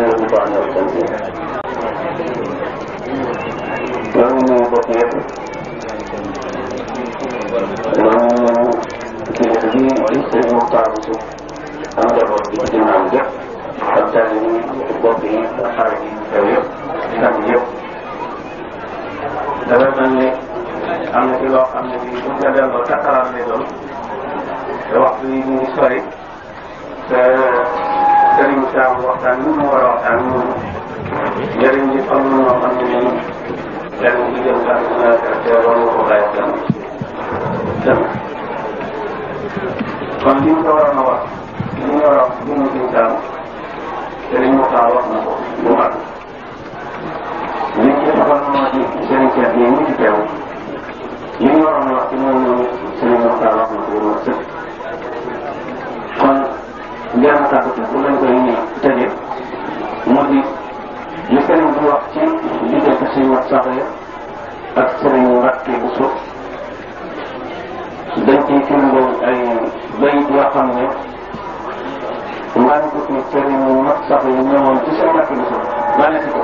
الشيطان waxtu yi mu ngi sori te sering Sam waxtaan bi mu war a waxtaan moom njëriñ li xam moo xam orang nii kenn ku jëm daal di naan te war nga ko bàyyi kenn dem kon li mu ko waroon a njëriñ saako si bu lañ koy tëjee di li sëriñ bi wax ci diggante suñu wax saxee ak sëriñ Rakke bu suuf dañ ciy firndeel ay bayit yoo xam ne maa ngi ko sëriñ wax saxee ñëwoon ci seen Rakke bu suuf maa ngi si ko.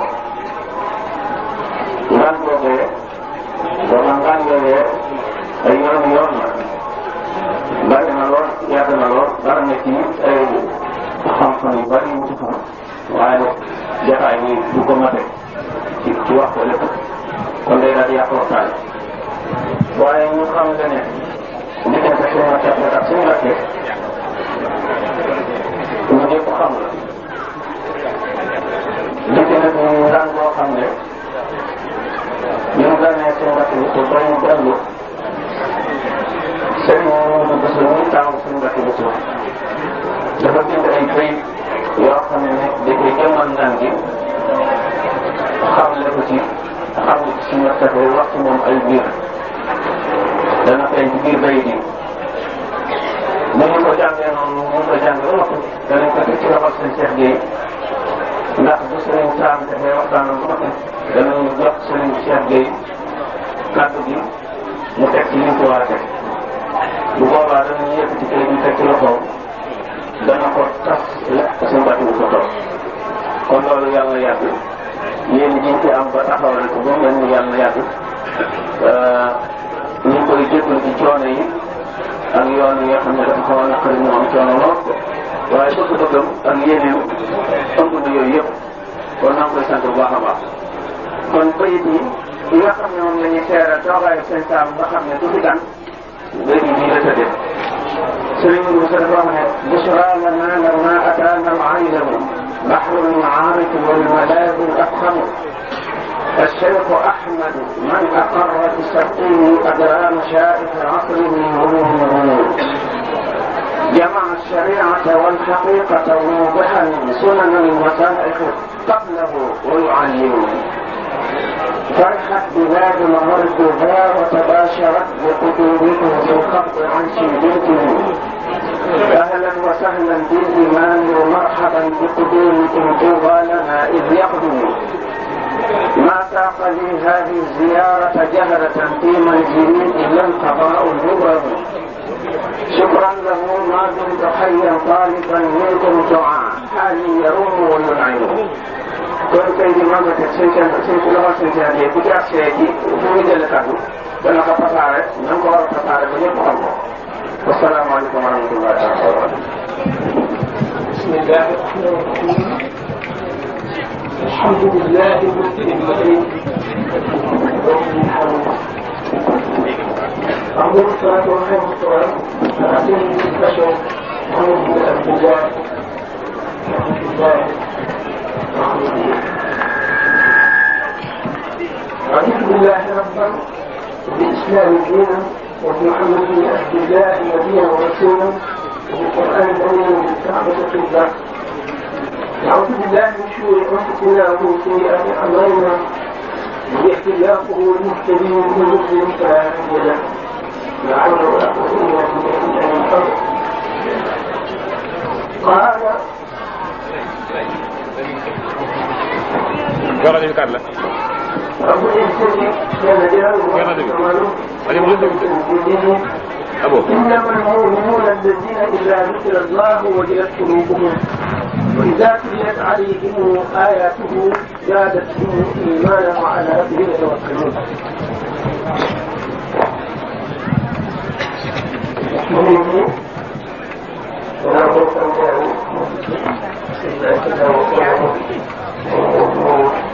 ngaan googee wala ngaan googee ay yoon yoon la. bari na lool yàgg na lool bari na ci ay xam-xam yu bari yu ci xam waaye nag jotaay bi du ko mate ci ci wax ko lépp kon day daal di yàq waxtaan waaye ñu xam nga ne diggante suñu Cheikh Ahmed ak suñu Mbacké ñu ñëpp xam la diggante bu ñu daan boo xam ne ñu ganee suñu Mbacké ko doy mu dellu sëñ Mamadou Bousso muy taawu suñu Mbàkke Bousso dafa bind ay bayit yoo xam ne da koy jëmmal naan gi xam la ko ci xam la ci suñu rafetlu wax ci moom ay biir dana feeñ ci biir bayit yi bu ñu ko jàngee noonu bu ñu ko jàngee ba noppi danañ ko teg ci loxol seen Cheikh Gueye ndax bu sëriñ Saam defee waxtaanam ba noppi danañ jox sëriñ Cheikh Gueye kàddu gi mu teg ci li mu ko war a teg bu boobaa dana yëkkati kër gi teg ci loxoom dana ko tas lekk ko suñu bàtt bu ko toog kon loolu yàlla yàgg yéen ñi ci am ba taxawal ko moom yéen ñi yàlla yàgg euh, koy jégalu ci coono yi ak yoon yi nga xam ne dafa xaw a naqari mu am coono lool waaye bëgg-bëggam ak yeneen ëmb na yooyu yëpp kon naa koy sant bu baax a kon bayit yi yi ne moom la ñuy seeral toogaayu seen saam xam ne du gan سليم وسلمان بشرى لنا لما أتانا العين بحر عارف والملاذ افخم الشيخ أحمد من أقر بسبقه أدرى مشائخ عقله ومنه جمع الشريعة والحقيقة موضحا سنن وسائق قبله ويعلمه فرحت بلاد مرضها وتباشرت بقدومكم في خط عن شيبتهم اهلا وسهلا بالايمان ومرحبا بقدومكم طوالها اذ يقدم ما ساق لي هذه الزيارة جهرة في منزلي إلا القضاء المبرم شكرا له ما دمت حيا طالبا منكم دعاء حالي يروم وينعم ɗon ɓe magata cencanta cenculoha cencandi e piga seeki fomi delle tandu ɗonna ka pasare nan ko waro pasare ko ñebbo kanko wassalamu aleykum wa rahmatullahi taala wabarakatu bismillahi rahmani rahim الحمد لله المسلم المسلم أقول الصلاة والسلام على سيد البشر محمد بن عبد الله رحمه الله وسلم دينا وبمحمد بن عبد الله نبيا ورسولا وبالقرآن دليلا وبالكعبة قبلة نعوذ بالله من شرور أنفسنا ومن سيئات أعمالنا من يهدي الله فهو المهتدي ومن يضلل فلا هدي له لعل حول ولا قوة إلا بالله الحق قال ورد الكلمة إنما المؤمنون الذين إذا ذكر الله وجلت قلوبهم وإذا تليت عليهم آياته زادتهم إيمانا وعلى ربهم يتوكلون Thank you.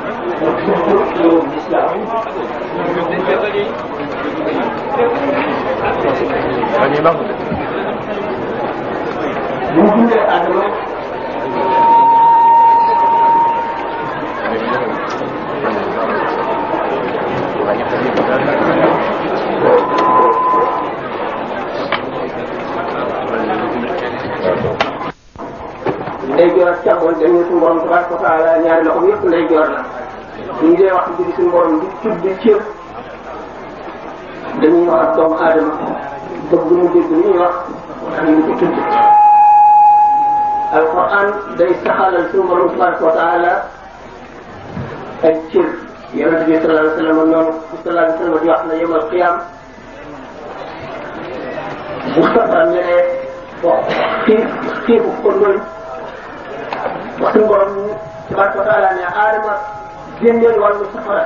Terima kasih. ndeyjoor ñu ngi wax ci suñu borom di tudd cër dañuy wax ak doomu aadama bëgg mu dégg li ñuy wax wax ñu ko tudd alquran day saxalal suñu borom tabaraka wa taala ay cër yonente bi sallallahu alayhi wa sallam noonu sallallahu alayhi wa sallam di wax na yemal qiyam bu safaram ñu ne bon xiif xiifu ko loolu suñu borom tabaraka wa taala ne aadama génneel wàllu safara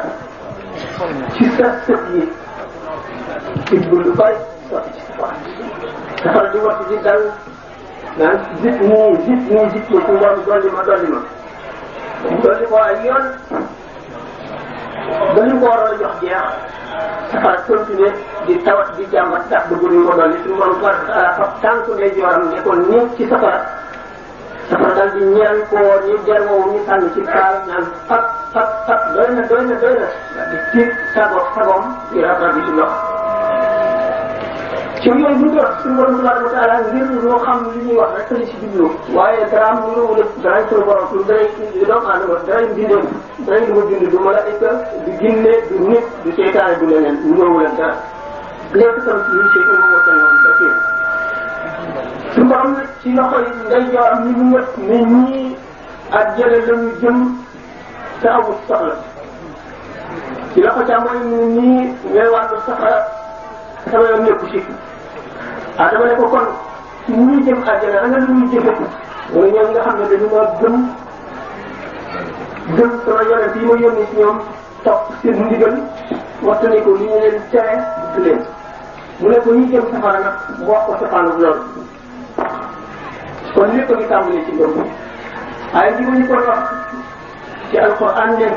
ci sa sëb yi tibb lu bari sotti ci safara safara di wax eh, di dal naan zit nii zit nii zit nii suñu borom dolli ma dolli ma dolli ko ay yoon dañu ko waroon jox jeex safara continuer di tawat di jàmbat tax bëgg ñu ko dolli suñu borom far fab tànk lay jooram nekkoon nii ci safara safara daal di ñeel ko ñu jarwoo ñu sànni ci kaal naan fab fat fat doy na doy na doy na daal di tiit sago sagoom di rafetlu ci ndox. ci yooyu bu ñu wax suñu borom subhanahu wa taala ngir ñoo xam li ñuy wax rek la ci jublu waaye dara am lu wala dara suñu borom suñu dara li doomu aadama dara mbindeem dara lu ma bind du malaika du jinne du nit du seytaane du leneen ñëw leen dara. léegi tamit ñun ci moom moo tax ñoom da cee. suñu borom nag ci loxo yi ndeyjooram ñu mën ne ñii ak jële la ñu jëm. te amul soxla ci la ko càmmoñ nii ngay wàllu safara sama yoon nekku ci ah dama ne ko kon ñuy jëm àjjana ana lu ñuy jëfe mooy ñoom nga xam ne dañu ma gëm gëm sama yonent yi ma yónni ci ñoom topp seen ndigal waxtaniku li ñu leen tere di leen mu ne ko ñuy jëm safara nag mu wax ko safaanu loolu kon lépp a ngi tàmbalee ci ngëm ay ji ma ñu koy wax في القرآن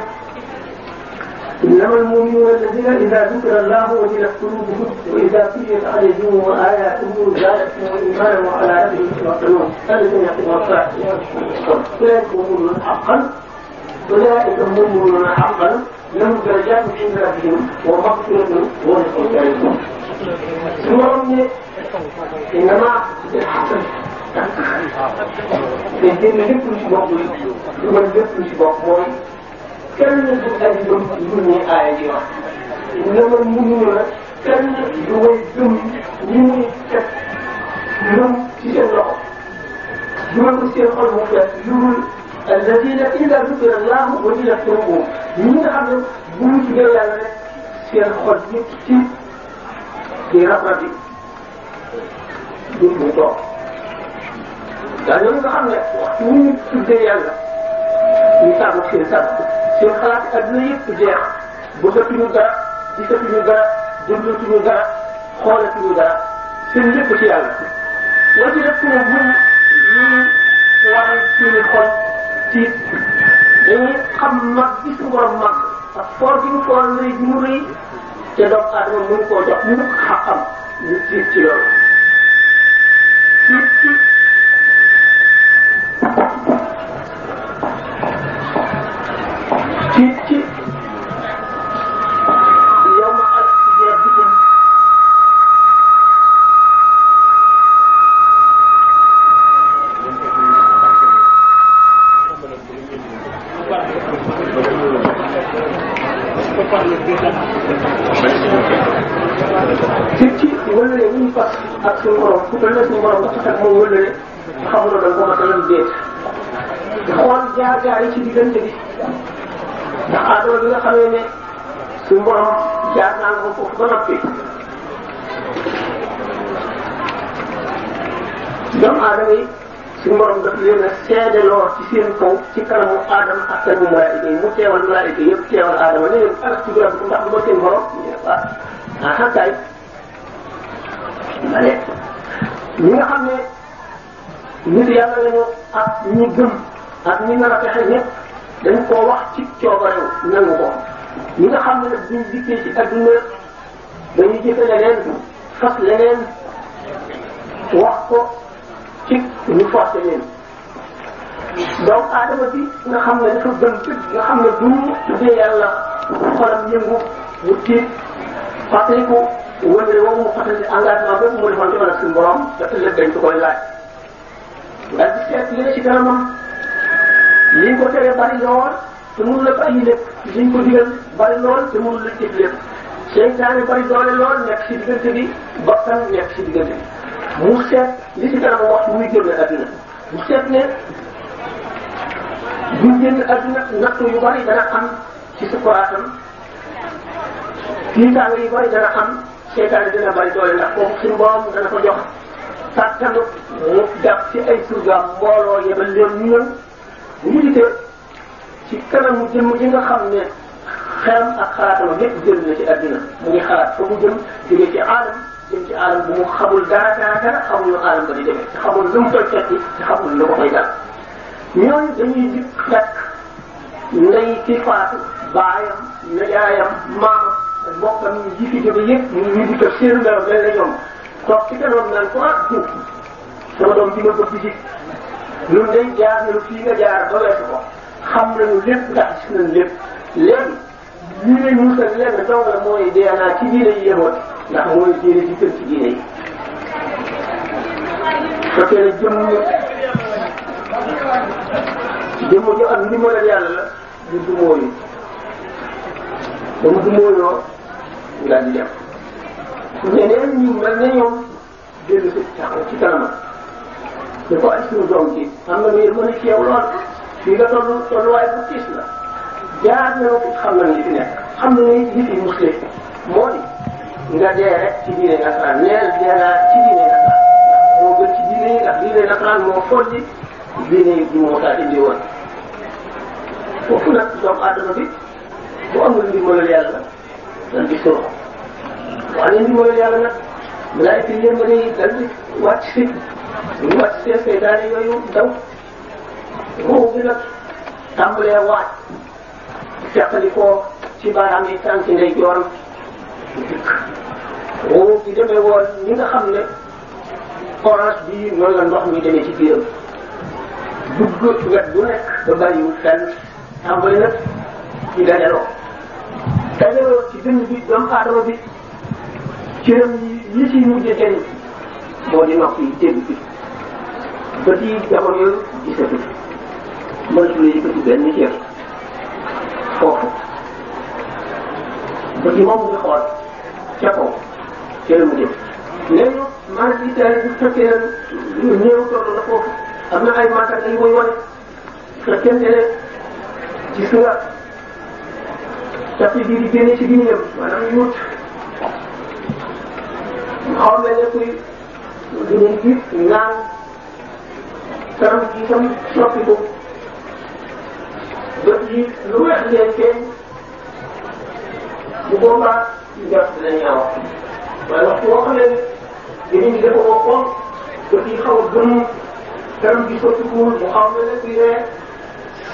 إنما المؤمنون الذين إذا ذكر الله وجلت قلوبهم وإذا تليت عليهم وآياته زادتهم إيمانا وعلى ربهم يتوكلون الذين يقولون أولئك هم حقا أولئك هم المؤمنون حقا لهم درجات عند ربهم ومغفرة ورزق كريم. إنما Entende? Ele puxa uma coisa, uma vez puxa uma coisa, kenn du ay gëm lu ñuy aaye di wax nama munu la kenn du way gëm ñi muy teg ñoom ci seen loxo dugal ko seen xol mu fees lu dul الذين إذا ذكر الله وجلت قلوبهم من عبد بوت جل سير خد نفسي في رقبتي بوت waaw loolu nga xam ne ñun ñu tuddee yàlla ñu tàmm seen sàmm seen xalaat adduna yëpp jeex bëggatuñu dara gisatuñu dara dundatuñu dara xoolatuñu dara seen ci yàlla. loo ci def ci dañuy xam mag gi suñu borom mag ak foor gi mu foor rëy gi mu rëy te doomu aadama mu xam-xam ñu ci loolu seen malaayika yi mu teewal malaayika yëpp teewal aadama ne leen ak ci borom ndax du ma seen borom ñu ne waaw ah xam ah, kaay ma ne ñi nga xam ne nit yàlla lañu ak ñi gëm ak ñi nar a fexe ñëpp dañ koo wax ci coobarew nangu ko ñi nga xam ne nag buñ dikkee ci adduna dañuy jëfe leneen fas leneen wax ko ci ñu forcé leen doomu aadama bi nga xam ne dafa gën tëj nga xam ne bu ñu tuddee yàlla xolam yëngu mu tiit fàttaliku wala woowu mu fàttali engagement boobu mu defoon ci wàllu suñu borom dafa lépp dañ ko koy laaj. nga gis seet li ne ci kanamam li ko teree bari lool te mënu la bàyyi lépp liñ ko digal bari lool te mënu la jëf lépp seytaane bari doole lool nekk ci diggante bi bakkan nekk ci diggante bi mu seet li ci kanam wax muy génn àdduna mu seet ne. bu génn adduna natt yu bari dana xam ci sukuraatam liitaange yu bari dana xam seytaane dina bari doole ndax moom suñu borom dana ko jox kàttanu mu jàpp ci ay surgaam mbooloo yebal leen ñu ñëw ñu gisee ci kanamu jëmm ji nga xam ne xelam ak xalaatam lépp jël na ci adduna mu ngi xalaat fa mu jëm jóge ci aadam jëm ci aadam bu mu xamul dara dara dara xamul lu aadam ba di demee te xamul lu mu koy fekki te xamul lu ko koy dal ñooñu dañuy di fekk ndey ci faatu baayam nijaayam maamam ak bokkam yi fi jóge yëpp ñu ñu di ko seen dara mel na ñoom toog ci kanam naan ko ah diw sama doom bi ma bëgg ci ñun day jaar nañu fii nga jaar ba weesu ko xam nañu lépp ndax gis nañu lépp léegi lii lay musal lenn dong la mooy dee naa ci diine yi yemoon ndax mooy diine ci kër ci diine yi. fekkee ne jëmm jëmm joo xam ne ndimbalal yàlla la ñu dumóoyu ba mu dumóoyoo ñu daal di dem ñeneen ñu mel ne ñoom dellu si taxaw ci kanam da ko ay suñu ci xam ni mën a ci lool fii nga toll tolluwaay bu tiis la jaar na ko xam na li fi nekk xam ni li fi musle moo di nga dee rek ci diine nasaraan neel dee naa ci diine nasaraan moo gën ci diine yi ndax diine nasaraan moo foddi lii ne Ibnu Moussa indi woon foofu nag doomu aadama bi bu amul ndimbalal yàlla dana gis solo bu amee ndimbalal yàlla nag malaayka yi yërmande yi dal di wàcc si ñu wàcc seen seytaane yooyu daw ruux bi nag tàmbalee waaj feqali ko ci baaraam yi tànk ci ndey jooram dikk ruux demee woon ñi nga xam ne orange bii noonu la ndox mi demee ci biiram dugg wet bu nekk ba bàyyiwul fenn tàmbali nag ci dajaloo dajaloo ci dënn bi doomu aadama bi cëram yi li ciy mujj ten moo di nopp yi dégg bi bët yi jamono yooyu gisatu mënatul yëkkati benn cër foofu bët yi moom ngi xool ca kaw cëram jëm léegi maanaam si tey bu fekkee néew toll na foofu am na ay mandat yu muy wane su fekkente ne euh, gis nga tapis bii di génne ci ginnaaw maanaam yu wut xaw mel ne kuy dinañ gis naan kanam gi tam soppi ko bët yi lu weex leen feeñ bu boobaa ñu jàpp dinañ ñaaw waaye waxtu boo xam ne dinañ def ko ba xaw a gën dara bi ko tukku mu xaw na nag ne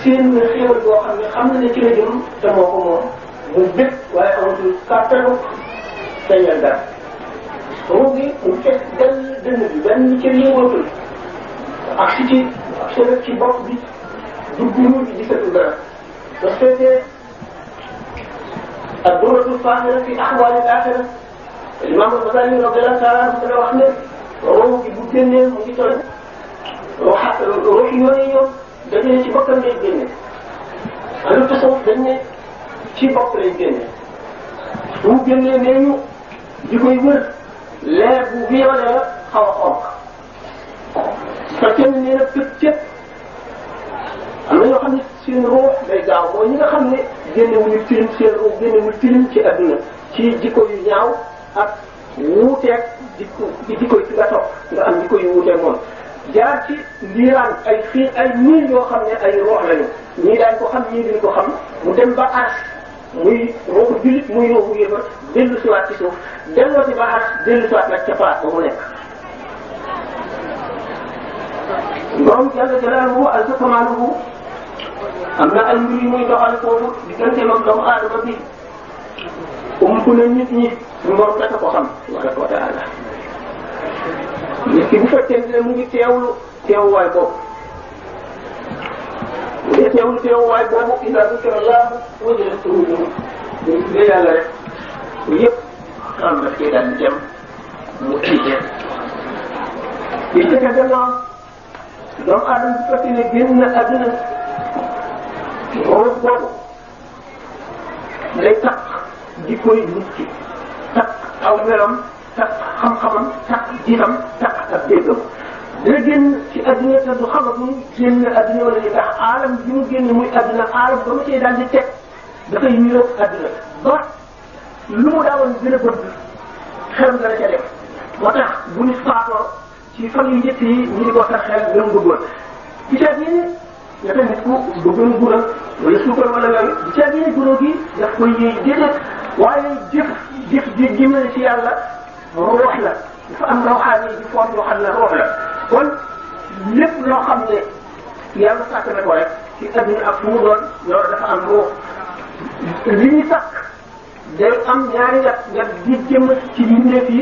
seen xéewal boo xam ne xam na ne ci la jëm te moo ko moom mu bépp waaye amatul kàttanu dañal dara ruug gi mu fekk dal dënn bi benn cër yëngootul ak si ci sërëb ci bopp bi dugg mu ci gisatu dara ndax fekkee ak duratul faaxira fi axwaali laaxira imam Al-Ghazali radiyallahu taala anhu dana wax ne ruug gi bu génnee mu ngi toll waxa ruux yooyu ñoom dajale ci boppam lay génne. en tout dañ ne ci bopp lay génne bu mu génnee nee ñu di koy wër leer bu violet la xaw a xonq. parce que nee na pët cëpp xam ne seen ruux day gaaw mooy ñi nga xam ne génnewuñu tilim seen ruux génnewul tilim ci adduna ci jikko yu ñaaw ak wuuteeg di di jikko yi nga nga am jikko yu wuuteeg moom. jaar ci ndiiraan ay fii ay niir yoo xam ne ay roox lañu ñii daañu ko xam mu dem ba muy rooxu jullit muy rooxu yëfa dellu siwaat ci suuf delloo ci ba aras dellu siwaat nag ca place ba mu nekk moom jàlla jalaaluhu ay muy doxal foofu diggante moom doomu aadama bi ump na nit ñi moom rek a ko xam tabaraka wa taala nit ki bu fekkente ne mu ngi teewlu teewuwaay boobu bu dee teewlu teewuwaay boobu isa dukira laahu wajadat quluubuhum day tuddee yàlla rek yëpp xam daf koy daal di dem mu tiitee di jëkk gannaaw doomu aadama ne génn na àdduna ruux boobu di koy nit ki takk tax xam-xamam tax jiitam tax ak déggam dina génn ci adduna te du xamagum génn adduna wala li ndax aalam bi mu génn muy adduna aalam ba mu see daal di teg dafay niroog adduna ba lu mu daawoon gën a bëgg xelam dana ca dem moo tax bu ñu faatoo ci fan yu njëkk yi ñu di ko tax xel gën a bëggoon ci seet yi nga nit ku bëggoon gura wala suukar wala yooyu ci seet yi gura gi daf koy yëy déedéet waaye jëf jëf ji jëmale ci yàlla ruux la dafa am rawxaane yi ci foon yoo xam ne ruux la kon lépp loo xam ne yàlla sàkk na ko rek ci adduna ak fu mu doon loolu dafa am ruux li ñu sàkk day am ñaari yat yat di jëm ci mbindeef yi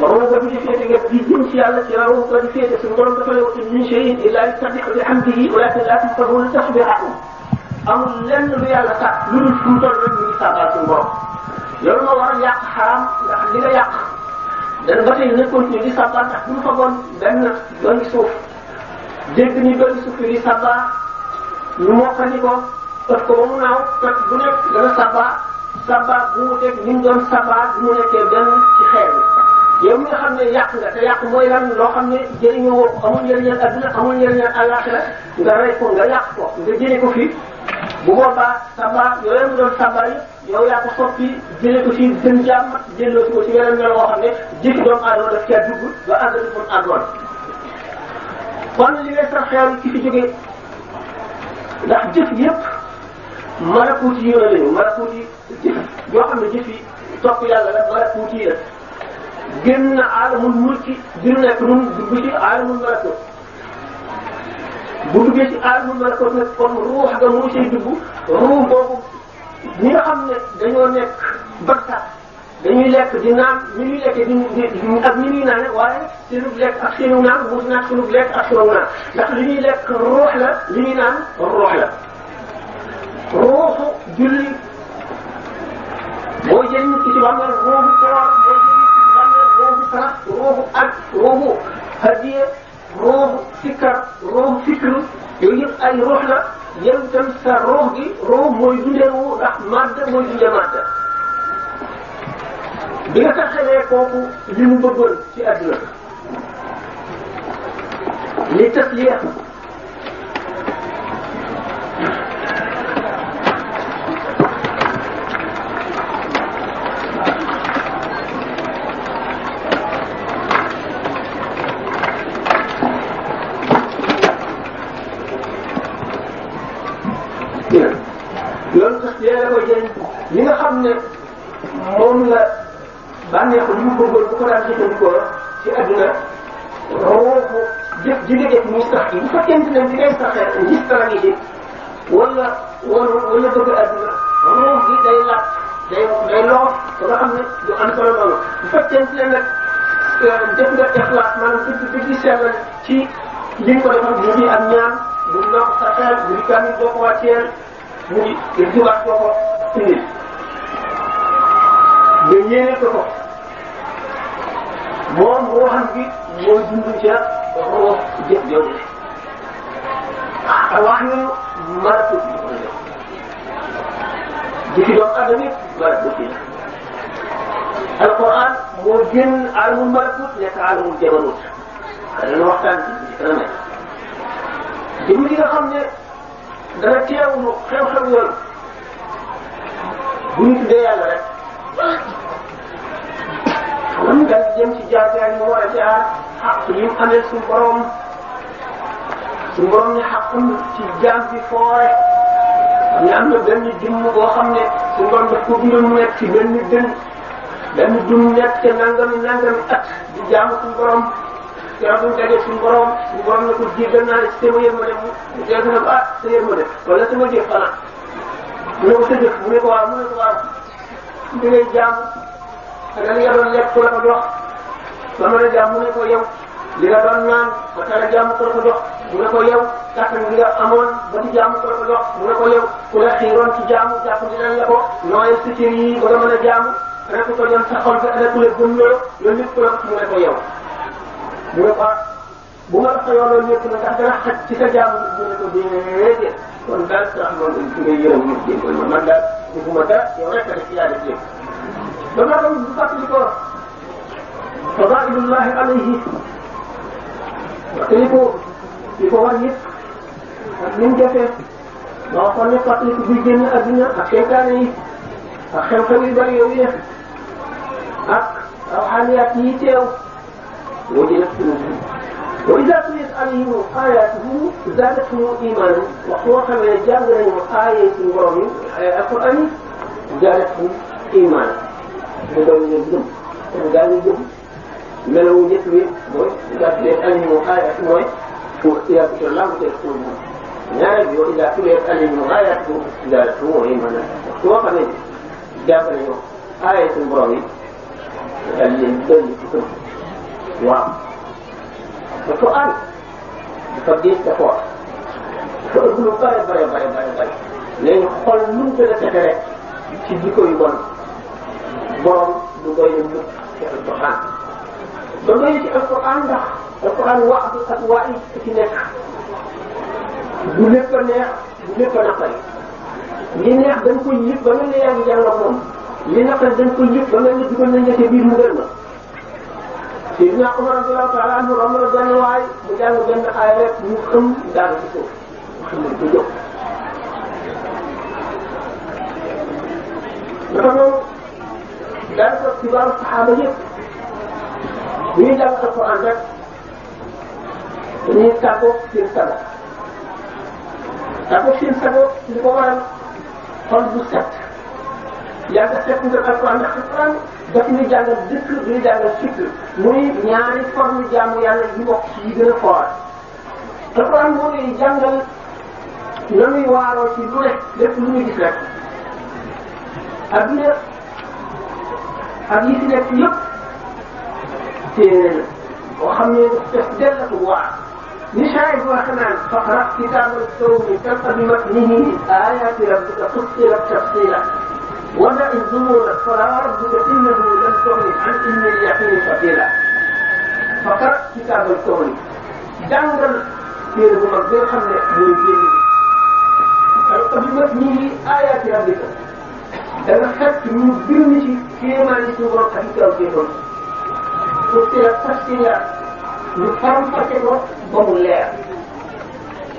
ruux ba di féete yat di jëm ci yàlla ci ruux ba di féete suñu borom dafa ne wa in min shay'in illa yusabbihu bihamdihi walakin la tafqahuna tasbihahum amul lenn lu yàlla sàkk lu dul fu mu toll rek ñu ngi sàbbal suñu borom loolu moo waral yàq xaram ndax li nga yàq dan ba tey nekkoon ñu di sabba tax bu ñu fagoon benn doon suuf dégg ni doon suuf yi di sabba ñu ko ëpp ko ba mu naaw toj bu nekk dana sabba ci xeer yow mi nga xam ne yàq nga te yàq mooy lan loo xam ne jëriñoo woo ko amul njëriñal adduna amul njëriñal nga rey ko nga yàq ko nga jëlee ko fi bu boobaa sabba yooyu mu doon sabba yow yaa ko soppi jëlee ko ci gën jàmm jëloo ko ci yeneen melo boo xam ne jëkki doomu aadama daf caa dugg ba àggati fu mu àggoon kon li ngay saxeel ki fi jógee ndax jëf yëpp malakuut yi la lañu malakuut yi jëf yoo xam ne jëf yi topp yàlla la malakuut yi la génn na aalamul mulki bi mu nekk nun dugg ci aalamul malakuut bu duggee ci aalamul malakuut nag kon ruux ga mu ngi siy dugg ruux boobu ñi nga xam ne dañoo nekk barkat dañuy lekk di naan ni ñuy lekk di ak ni ñuy naane waaye seenub lekk ak seenu naan wuute naag seenub lekk ak seenu naan ndax li ñuy lekk ruux la li ñuy naan ruux la ruuxu julli boo jël nit ki ci bàmmeel ruuxu koor boo jël nit ki ci bàmmeel ruuxu sarax ruuxu ak ruuxu hadiye ruuxu sikkar ruuxu fikr yooyu yëpp ay ruux la yow itam sa roox gi mooy dundee wu ndax màdd mooy dundee màdd bi nga taxawee kooku li mu bëggoon ci àdduna li tasliya loolu sax yéen a koy jëriñ li nga xam ne moom la bànneexu li mu bëggoon bu ko daan jëfandikoo ci àdduna roofu jëf ji nga jëf muy sax yi bu fekkente ne li ngay saxee ngis stratégie wala wala wala bëgg àdduna roof bi day laaj day day loof ba nga xam ne du am solo loolu bu fekkente ne nag euh, def nga ixlaas maanaam dëgg dëgg sellal ci li nga ko defal li ñuy am ñaan bu ndox sa xel bu di kàmm boo ko wàcceel mu ngi dugaat ko ko indi nga ñeene ko ko moom ruuxam gi mooy dund ca ruux jëf jooju wax ñu maratu bi ko def jëfi doom adam yëpp maratu bi alquran moo génn alamul marakut nekk alamul jamanut dana waxtaan ci dana nga xam ne dana teewlu xew-xew yoon bu ñu tuddee yàlla rek xam nga daal jëm ci jaar-jaar yi moo war a jaar xaq yi mu amee bi foore ñu am na benn jëmm boo xam ne suñu borom daf ko ci benn dën benn dund keroog bu ñu dajee suñu borom suñu borom ne ko jéggal naa la ci sama yërmande mu dégg na ko ah sa yërmande wala sama jëf xanaa mu ne ko sa jëf mu ne ko waaw mu ne ko waaw di ngay jaam da nga doon lekk ko la ko dox ba mën a jaam mu ne ko yow li nga doon naan ba tala jaam ko la ko dox mu ne ko yow kàttan bi nga amoon ba ci jaamu ko la ko dox mu ne ko yow ku la xiiroon ci jaamu jàpp dinañ la ko nooy si cër yi ba nga mën a jaamu ana ko ko doon sa xol ba ana ku la gëm loolu loolu lépp ku la ko mu ne ko yow mu ne ko bu ma tax yoon loolu yëpp nag ndax dana ci sa jaamu mu ne ko déedéet kon daal sax loolu ci ngay yërëm ñu jéem ko man daal defuma dara yow rek rek yaa def jéem ba ma bu fàttali ko fadailullahi alayhi fàttali ko ko war ak ni mu jafee ne ak yi ak xew-xew yu bari ak yi teew وإذا تليت عليهم آياته زادتهم إيمانا وقوة من الجابرين آية القرآن آية القرآن زادتهم إيمانا بدون يدهم بدون يدهم ملو يتوي موي إذا تليت عليهم آياته موي وإذا الله تليتهم نعم وإذا تليت عليهم آياته زادتهم إيمانا وقوة من الجابرين آية القرآن اللي بدون waaw dafa ànd dafa diis dafa war dafa ëpp lu bare bare bare bare bare léegi xool lu mu gën a sete rek ci jikko yu bon borom du doy na mukk ci alquran ba doy ci alquran ndax alquran wax bi ak waa yi ci nekk du lépp a neex du lépp a naqari li neex dañ ko yëpp ba mel ne yaa ngi jàng moom li naqari dañ ko yëpp ba mel ne dugal nañ la ci biir mu gën ma sidina Umar radiyallahu taala anhu romb la benn waay mu jàng benn aaya rek mu xëm daanu ci suuf Muhammad du jóg naka noonu daan ko kibaaru saxaaba yëpp bu ñuy jàng alquran rek dañuy tàggoog seen sago tàggoog seen sago li ko waral xol bu set yàlla fekk nga alquran ndax alquran daf ñu jàngal dëkk ñu jàngal fikr muy ñaari forme jàmm yàlla yu bokk ci yi gën a foor alquran moo lay jàngal nanuy waaroo ci lu nekk lépp lu ñu gis rek adduna ak yi fi nekk yëpp téere la boo xam ne def dellatu waar ni shaay bi wax naan faqra kitaabal kawni kal qadimat nihi ayati rabbika fussilat tafsila ودع a فلا ربك انه لم تغني عن ان اليقين ثقيلا فقرا كتاب الكون jàngal téere bu mag bi nga xam ne mooy génn al qadimat nii ayaati rabbika da nga fekk ñu bir ni ci ak i kaw génnoon pour teel a tafsira ñu faram mu leer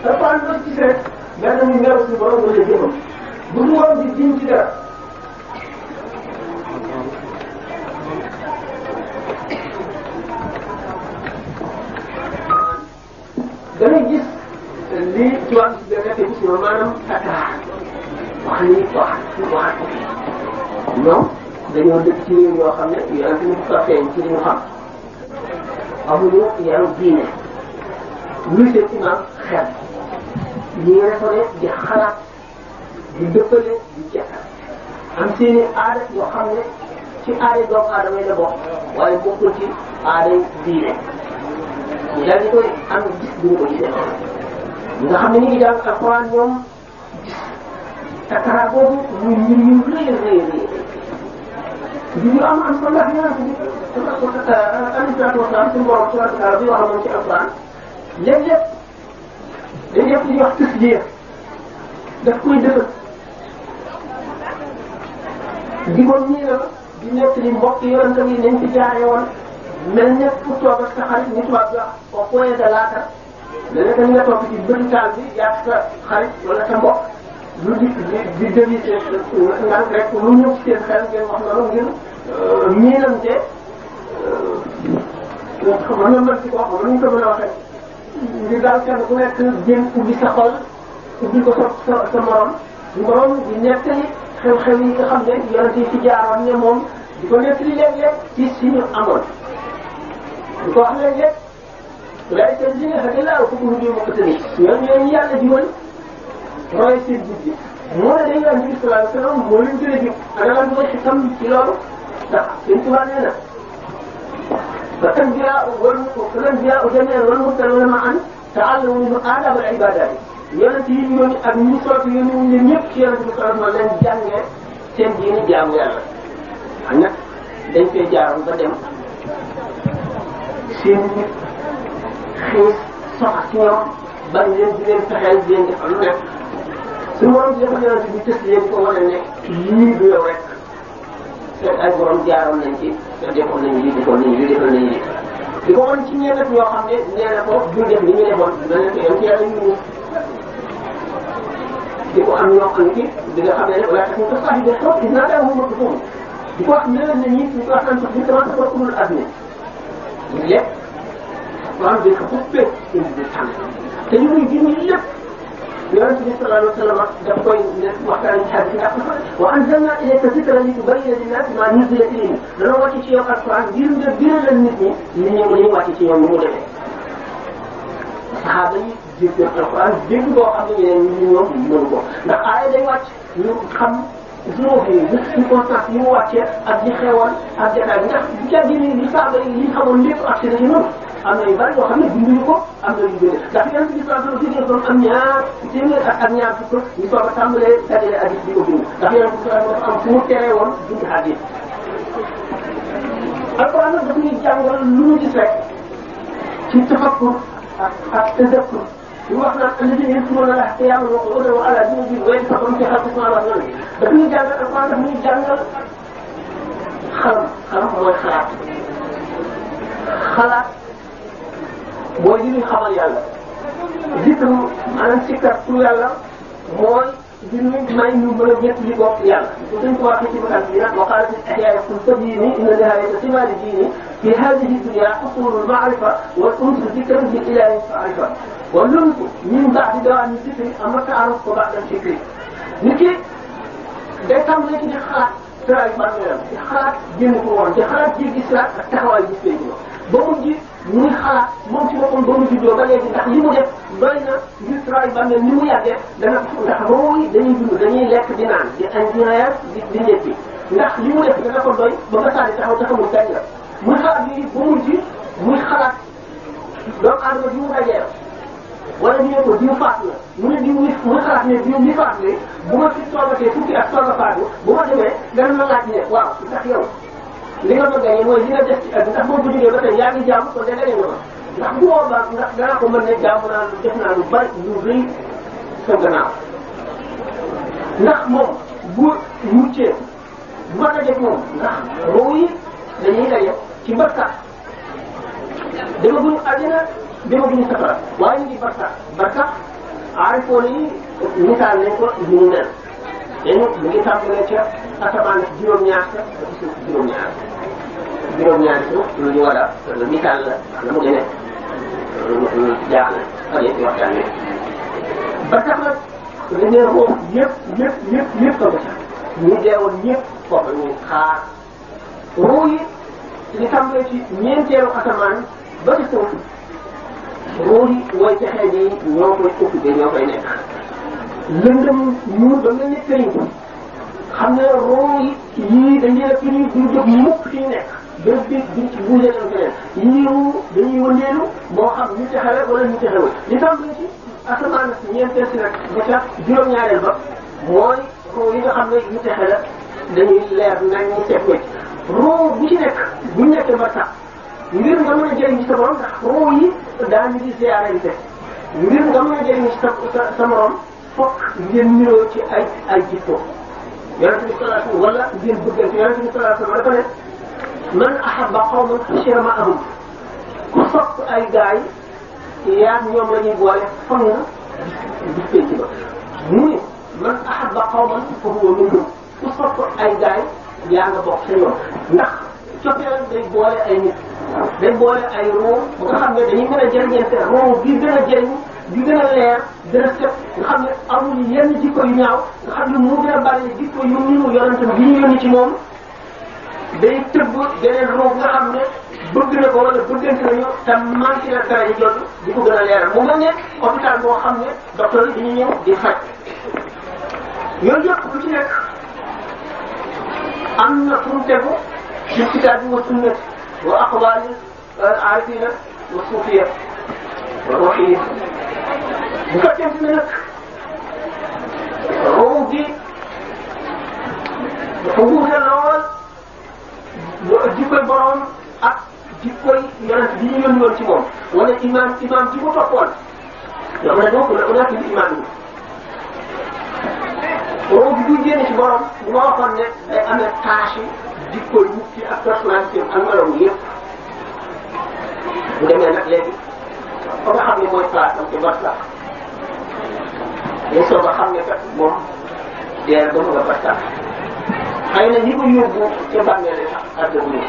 alquran ba gis rek benn mu meew suñu borom wala jëmam bu ñu waroon di diñ ci dara dana gis li ci wàllu si biir nekk ci maanaam fatara wax ni wax wax ñoom dañoo dëkk ci réew yoo xam ne yàlla suñu soxee ci li ñu xam amuñu yaru diine luy seen imam xel ñu ngi raisonné di xalaat di dëppale di jeexal am seeni aada yoo xam ne ci aada doomu aadama yi la bokk waaye bokkul ci aaday diine. ñu daal di koy am gis bu ñu ko gisee ñi nga xam ne ñu ngi jàng alxuraan ñoom gis takkara boobu muy mbir yu rëy a rëy mbir yu am am solo ndax ñu naan ko administration nationale suñu borom subhanahu wa taala bi wax moom ci alxuraan léeg-léeg dañuy def li ñuy wax tasliya daf di ko ñii di nekk li mbokk yoon tamit nañ ci jaare mel ne ku toog ak sa xarit nit waa jox au point de laata léeg-léeg nga toog ci bi yàq sa wala sa lu di di di demité naan rek lu ñëw ci seen xel ngeen wax noonu ngir euh, miinante mën na mën si ko wax mën nañu ko mën a waxee ngir daal kenn ku nekk jéem ubbi sa xol ubbi ko sa sa sa morom xew-xew yi nga xam ne yonent yi fi jaaroon ne moom di ko nettali léeg-léeg ci suñu amoon di ko wax léeg-léeg laay teel di nga xam ne laa ko bëgg a ko tëddee. ñoom ñooñu yàlla jiwal roy seen guddi moo ne dañu naan biir sallallahu alayhi wa sallam moo leen jëlee jiw. ana lan mooy xam ci loolu ndax dañ ci wàllu na ba kan jaa wal ba kan jaa jamii'an wal mursaluna ma'an ta'allamu aadaabal ibaadaat yi yonent yi ñu yónni ak ñu soog a yónni ñun ñëpp ci yonent bi sallallahu alayhi wa sallam leen jàngee seen diine jaamu yàlla. xam nga dañ koy jaaroon ba dem. seen xiis sax ci ñoom bari leen di leen fexeel di leen defal lu nekk suñu borom di defal yonent bi tës leen ko wane ne lii du yow rek seen ay borom jaaroon nañ ci te defoon nañ lii defoon nañ lii defoon nañ lii di ko wan ci ñenn ñoo xam ne nee na ko du def li ñu defoon dana leen ko yem ci yàlla ñu di ko am ñoo xam ne di nga xam ne nag laata ñu ko sax di def trop dinaa daa wóor ko di ko wax ne leen ne ñii suñu wax naan sax ñu commencé ko amul avenir lépp maanaam dañ ko coupé indi bi tànn te yu muy dindi lépp yonent bi sallallahu alayhi wa sallam daf koy waxtaan ci xarit ndax wa anzalna ilayka zikra li tubayyina linnaasi maa nuzila ilayhim dana wàcc ci yow alquran ngir nga biralal nit ñi li ñu li ñu wàcc ci ñoom ni mu defee saxaaba yi dégg na alquran dégg boo xam ne ñeneen ñi ñoom mënu ko ndax aaya day wàcc ñu juróom yi circonstance yi mu wàccee ak li xewoon ak jotaay bi ndax bu ca génnee li saaba yi li xamoon lépp ak am na yu bari yoo xam ne binduñu ko am na yu bëri ndax yan bi sa do ci doon am ñaar téeméer ak ak ñaar fukk ñu soog a tàmbalee dajale bi ko bind ndax yan bi am fu mu teree woon bind hadis alquran nag daf ñuy jàngal lu ñu gis rek ci ak ak tadakkur يوحنا الذين يكتمون الاحكام ويقعون على جنوبهم وينفقون في حق على ظلمهم دفني جانب القرآن دفني جانب خلق خلق mooy xalaat xalaat mooy li ñuy xamal yàlla zikru maanaam sikkar pour yàlla mooy li ñuy may ñu mën a ñett li bokk yàlla suñ ko waxee ci bagaas bi nag waxaale ci axyaay qul sabini inna nihayata simaali diini fi hadihi dunya xusulu lmaarifa wal unsu zikran bi ilahi maarifa واللمس من بعد دوام الذكر أما تعرف بعد الذكر niki day tàmbali ci di xalaat saa yu di xalaat di xalaat jéggi siraat ak taxawaay gis pénc ba ji mu ngi xalaat moom ci boppam ba mu juddoo ba li mu def doy na ngir saa yu bàmmeel ni mu yàggee dana lekk di naan di añ di reer di di ñetti li mu def dana ko doy ba nga saa di taxaw taxawul kañ la mu ji muy xalaat doomu aadama bi mu wala ñu ne ko diw faatu na mu ne diw nit mu xalaat ne diw mi faatu ne bu ma fi tollatee fukki at toll faatu bu ma demee dana ma laaj ne waaw ndax yow li nga ma gañe mooy li nga def ci at ndax boo ko jógee ba tey yaa ngi jaam kon de gañe nga ma ndax bu boobaa ndax danaa ko mën ne jaamu naa lu def naa lu bari lu rëy sa gannaaw ndax moom bu muccee bu ma dajeg moom ndax roo yi dañuy daje ci barka dama guñu àddina dama guñu safara pool yi misaal nañ ko li mu mel dañu mu ngi tàmbalee ca asamaan juróom-ñaar sa ak suuf juróom-ñaar juróom-ñaar sa lu ñu war a misaal la la mu gën a jaaxle fa ngeen ci waxtaanee ba tax nag li ne foofu yëpp yëpp yëpp yëpp a ñu deewoon ñëpp foofu ñuy xaar ruu yi li tàmbalee ci ñeenteelu asamaan ba ci suuf ruuj mooy ci xel bi ñoo koy occupé ñoo koy nekk. lëndëm ñu ba mel ni sëriñ xam ne ruuj yii dañ leen a firi duñ jóg mukk fi ñu nekk. bés bi duñ ci bougé leen feneen yii ru dañuy wëndeelu moo xam ñu texale wala ñu texewul li tàmbali ci asamaan ñeenteel si nag ba tax juróom-ñaareel ba mooy ruu yi nga xam ne ñu texe la dañuy leer nañ ñu teg ko ci ruu bu ci nekk bu ñu nekkee ba ngir nga mën a jëriñ ci sa morom ndax roo yi daañu di ziarante ngir nga mën a jëriñ ci sa sa morom fokk ngeen niroo ci ay ay jikko yonente bi salaa sallam wala ngeen bëggante yonente bi salaa sallam dafa ne man ahaba qawman xasira ma ahum ku sopp ay gaay yaa ñoom la ñuy boole fan na bis pénc ba mu ne man ahaba qawman fa huwa minhum ku sopp ay gaay yaa nga bokk sa ñoom ndax coppeel day boole ay nit day boole ay roo ba nga xam ne dañuy gën a jëriñante roo bi gën a jëriñ di gën a leer gën a set nga xam ne amul yenn jikko yu ñaaw nga xam ne moo gën a bari jikko yu ñu yonante bi ñu yónni ci moom day tëbb beneen roo nga xam ne bëgg na ko wala bëggante nañu te manqué na dara yi jot di ko gën a leeral mu mel ne hôpital boo xam ne docteur yi dañuy ñëw di faj yooyu yëpp lu ci nekk am na fu mu tegu ci kitaab bi wa sunnati وأقوال العارفين آه، وصوفية والروحيين وكان منك روجي حدوث الأول جيكوي بروم أك أه، جيكوي يرس دين يون تيمون ولا إمام إمام جيكو تقول يعني دوك ولا أولاك الإمامي روجي دي جيني بروم وما أقول أنا تاشي jikko yi ci ak transformation ak melaw yëpp bu demee nag léegi ba nga xam ne mooy place am ci barsax dañ soog a xam ne kat moom dee ba mu nga barsax xëy na ñi ko yóbbu ca bàmmeele sax àdduna bi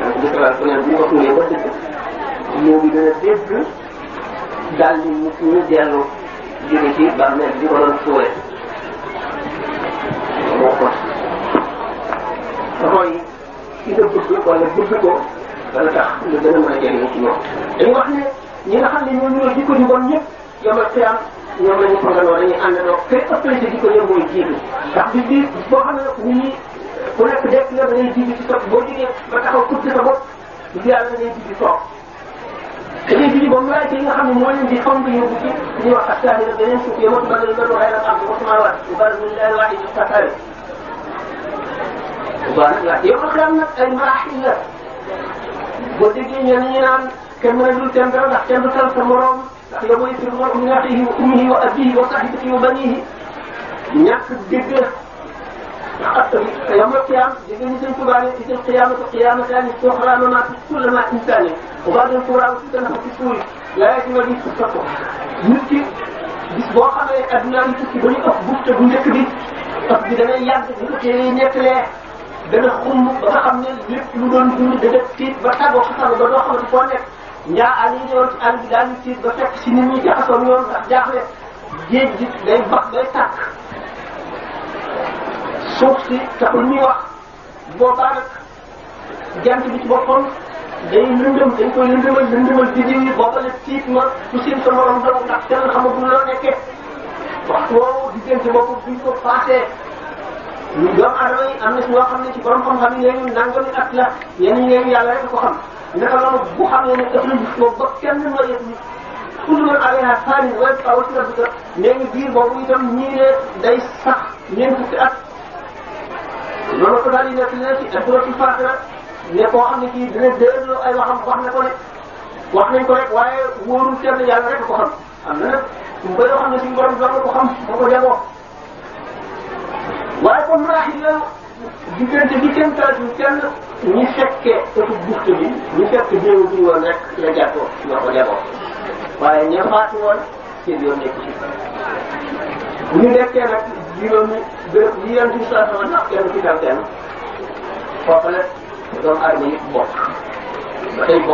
donc di salal ko neen bu ñu ko tuuree ba dëgg ñoo ngi gën a dégg daal di mu ñu dellu jóge ci bàmmeel di ko doon suure moo ko roy ki nga bëgg wala bëgg ko wala tax nga gën a mën a jëriñoo ci ñoom. dañu wax ne ñi nga xam ne ñoo ñëw jikko ju bon ñëpp yow ak xiyam ñoom la ñu foogandoo dañuy àndandoo te ëppale sa jikko yow mooy jiitu ndax bi bii boo xam ne nit ñi ku nekk def nga da ngay jiitu ci topp boo jógee ba taxaw tuuti sa bopp di yàlla da ngay jiitu toog. te léegi ji boobu malaayka yi nga xam ne moo leen di fomb yóbbu ci li ñuy wax ak saa yi nag beneen suuf yow motu ma la ñu doon waxee la am waaw nag waaw yow xam nag ay maraaxil la boo déggee ñenn ñi naan kenn mënul kenn dara ndax kenn du tal sa morom ndax yow mooy sunu morom min axiihi wa ummihi wa abiihi wa sahibatihi wa baniihi ñàkk dégg ndax yawmal qiyaama dégg ñu seen tubaab yi seen qiyaamatu qiyaamataani soxraana maa fi kulla maa insaani wa ba'da al-furaagu fi nafa fi suuri laa yajma bi sako nit ki bis boo xamee adduna bi tukki ba ñu ëpp buuf te bu njëkk bi ëpp bi danay yàgg bu ko téye ñettalee dana xumb ba nga xam ne lépp lu doon dund dana tiit ba tàggoo ba doo xam ne foo nekk ñaa àll yi ñëwoon ci àll bi daal di tiit ba fekk si nit ñi jaxasoo ñoom ndax jaaxle géej gi day bax day tàkk si taxul ñuy wax boobaa nag jant bi ci boppam day lëndëm dañ koy lëndëmal lëndëmal biddiw yi booba la tiit ma lu seen sa morom doom ndax kenn xamagul loo nekkee waxtu woowu diggante boobu buñ ko passé doomu aadama yi am na ci yoo xam ne ci borom xam-xam yi yéen nangami at la yéen ñu leen yàlla rek ko xam naka loolu bu xamee ne ëpp nañu ko ba kenn mën a yëg ku dugal alayha saanin wala taw si rabbika nee ngi biir boobu itam ñii ne day sax ñeent fukki at loolu ko daal di nekk ne ci asuratul faatira ne koo xam ne kii dina delloo ay waxam wax na ko ne wax nañ ko rek waaye wóorul kenn yàlla rek ko xam am na nag ñu bëri yoo xam ne suñu borom doon ko xam moo ko jagoo waaye comme maraaxil la diggante bi kenn taatu kenn ñi fekkee ëttu buft bi ñi fekk déewu bi woon rek la jàppoo ñoo ko jàppoo waaye ñi faatu woon seen yoon nekk ci bu ñu nekkee nag juróomi béréb yi yan bi saa sama ndax kenn ci dal kenn foofu la doomu aadama yëpp bokk ba tey bokk